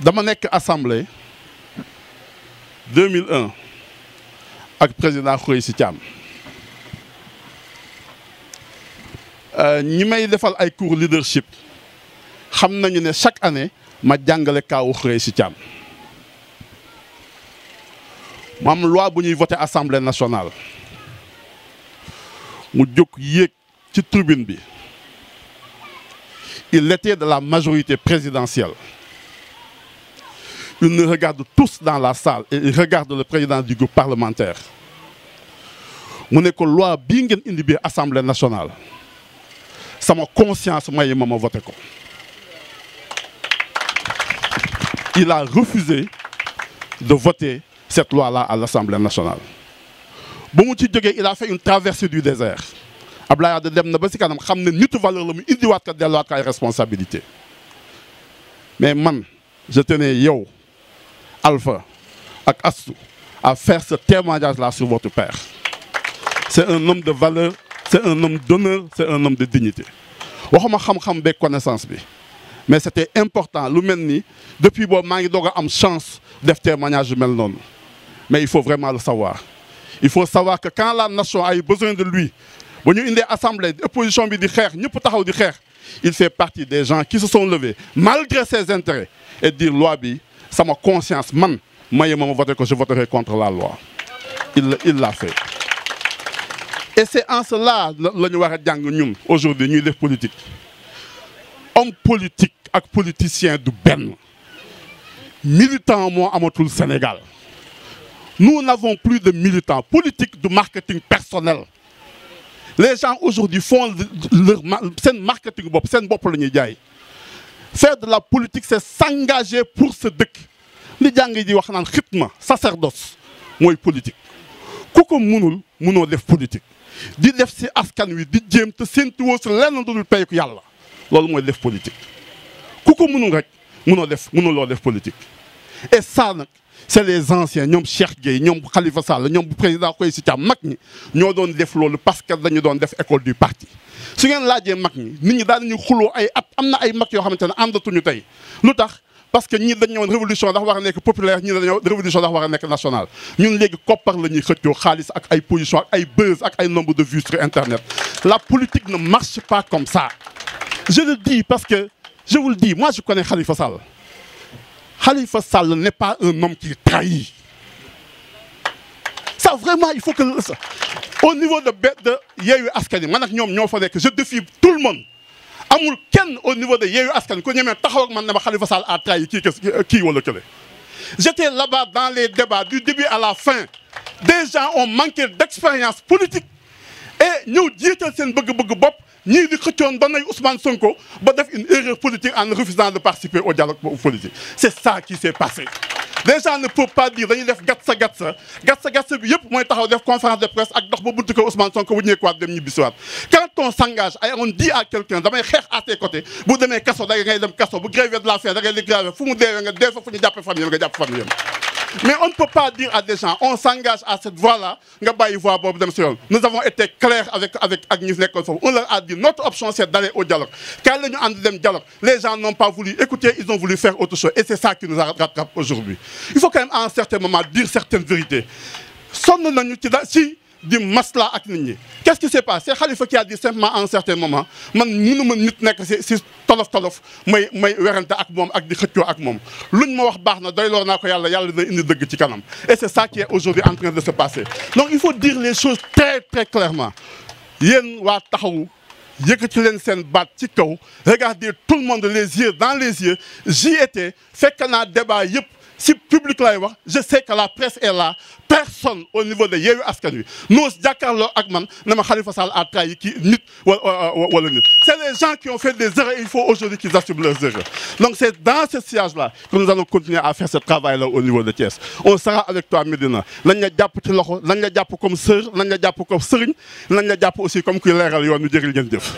dama nekk assemblée 2001 ak président Khoureychi Thiam euh, ñi may defal ay cours leadership xam nañu ne chaque année ma jàngale kaawu Khoureychi Thiam mu am loi bu ñuy voté assemblée nationale mu jóg yéeg ci tribune bi il était de la majorité présidentielle Ils nous regardent tous dans la salle et ils regardent le président du groupe parlementaire. mu ne ko loi bii ngeen indi biir assemblée nationale sama conscience maye ma ma voté ko. il a refusé de voter cette loi là à l'assemblée nationale. ba mu ci jógee il a fait une traversée du désert. Abdoulaye Wade dem na ba si kanam xam ne nitu valeur la mu indiwaat ka delluwaat responsabilité mais man je tenais yow. Alpha ak Astou à faire ce témoignage-là sur votre père. C'est un homme de valeur, c'est un homme d'honneur, c'est un homme de dignité. waxuma xam-xam beeg connaissance bi mais c'était important lu mel ni depuis boobu maa ngi doog a am chance def témoignage yu mel noonu mais il faut vraiment le savoir il faut savoir que quand la nation a eu besoin de lui ba ñu indee assemblée opposition bi di xeex ñëpp taxaw di xeex il fait partie des gens qui se sont levés malgré ses intérêts et bi sama conscience man maye ma ma voté ko je voterai contre la loi il il l'a fait et c'est en cela la ñu war a jàng ñun aujourd'hui ñuy def politique homme politique ak politicien du benn militant moo amatul Sénégal nous n'avons plus de militants politique du marketing personnel les gens aujourd'hui font leur seen marketing bopp seen bopp la ñuy jaay faire de la politique c'est s'engager pour sa dëkk li jàng ji wax naan xitma sacerdoce mooy politique ku ko mënul mënoo def politique di def si askan wi di jéem te séentuwoo si lenn dul pay yàlla loolu mooy def politique ku ko mënul rek mënoo def mënuloo def politique et ça nag c'est les anciens ñoom Cheikh Gueye ñoom Khalifa Sall ñoom président Khoureyssi Thiam mag ñi ñoo doon def loolu parce que dañu doon def école du parti. su ngeen laajee mag ñi nit ñi daan ñu xuloo ay at am na ay mag yoo xamante ne àndatuñu tey lu tax. parce que ñii dañu ñëwoon révolution dax war a nekk populaire ñii dañoo révolution dafa war a nekk nationale ñun léegi koppar la ñuy xëccoo xaalis ak ay position ak ay buzz ak ay nombre de vues sur internet la politique ne marche pas comme ça parce que je vous le dis moi je connais Khalifa Sall n'est pas un homme qui trahit. Ça, vraiment, il faut que... Au niveau de, de Yehu Askani, je défie tout le monde. amul kenn au niveau de Yewwi Askan ku ñemee taxaw ak man ne ma Khalifa Sall a trahi kii kii wala kële j'étais là-bas dans les débats du début à la fin des gens ont manqué d'expérience politique et ñëw jiital seen bëgg-bëgg bopp ñii di xëccoon ba nay Ousmane Sonko ba def une erreur politique en refusant de participer au dialogue politique c'est ça qui s'est passé les gens ne peuvent pas dire dañuy def gatsa gatsa gatsa bi yëpp mooy taxaw def conférence de presse ak dox ba buntu ko Ousmane Sonko bu ñëkkuwaat dem ñibbi siwaat quand on ay on dit à quelqu'un damay xeex à tes côtés bu demee kaso da dem kaso bu grévé de la faim da ngay di fu mu deewee nga dee fu ñu jàppe famille Mais on ne peut pas dire à des gens, on s'engage à cette voie-là, nous avons été clairs avec, avec Agnès Nekonso. On leur a dit, notre option, c'est d'aller au dialogue. dialogue Les gens n'ont pas voulu écouter, ils ont voulu faire autre chose. Et c'est ça qui nous rattrape aujourd'hui. Il faut quand même à un certain moment dire certaines vérités. Sommes-nous si di masla ak nit ñi qu'est-ce qui se passe c'est Khalifa qui a dit simplement à un certain moment man mënu ma nit nekk si si tolof tolof may may werante ak moom ak di xëccoo ak moom luñ ma wax baax na doy loor naa ko yàlla yàlla na indi dëgg ci kanam et c'est ça qui est aujourd'hui en train de se passer donc il faut dire les choses très très clairement yéen waa taxawu yëkkati leen seen baat ci kaw regardez tout le monde les yeux dans les yeux j'y étais fekk naa débat yëpp si public lay wax je sais que la presse est là personne au niveau de Yewwi Askan Wi n'ose jàkkaarloo ak man na ma Khalifa Sall a trahi kii nit wala wala c'est les gens qui ont fait des erreurs il faut aujourd'hui qu'ils assument leurs erreurs donc c'est dans ce sillage là que nous allons continuer à faire ce travail là au niveau de Thiès on sera avec toi Médina nañ la jàpp ci loxo nañ la jàpp comme sœur nañ la jàpp comme sëriñ nañ jàpp aussi comme kuy leeral yoon nu jëriñ ngeen jëf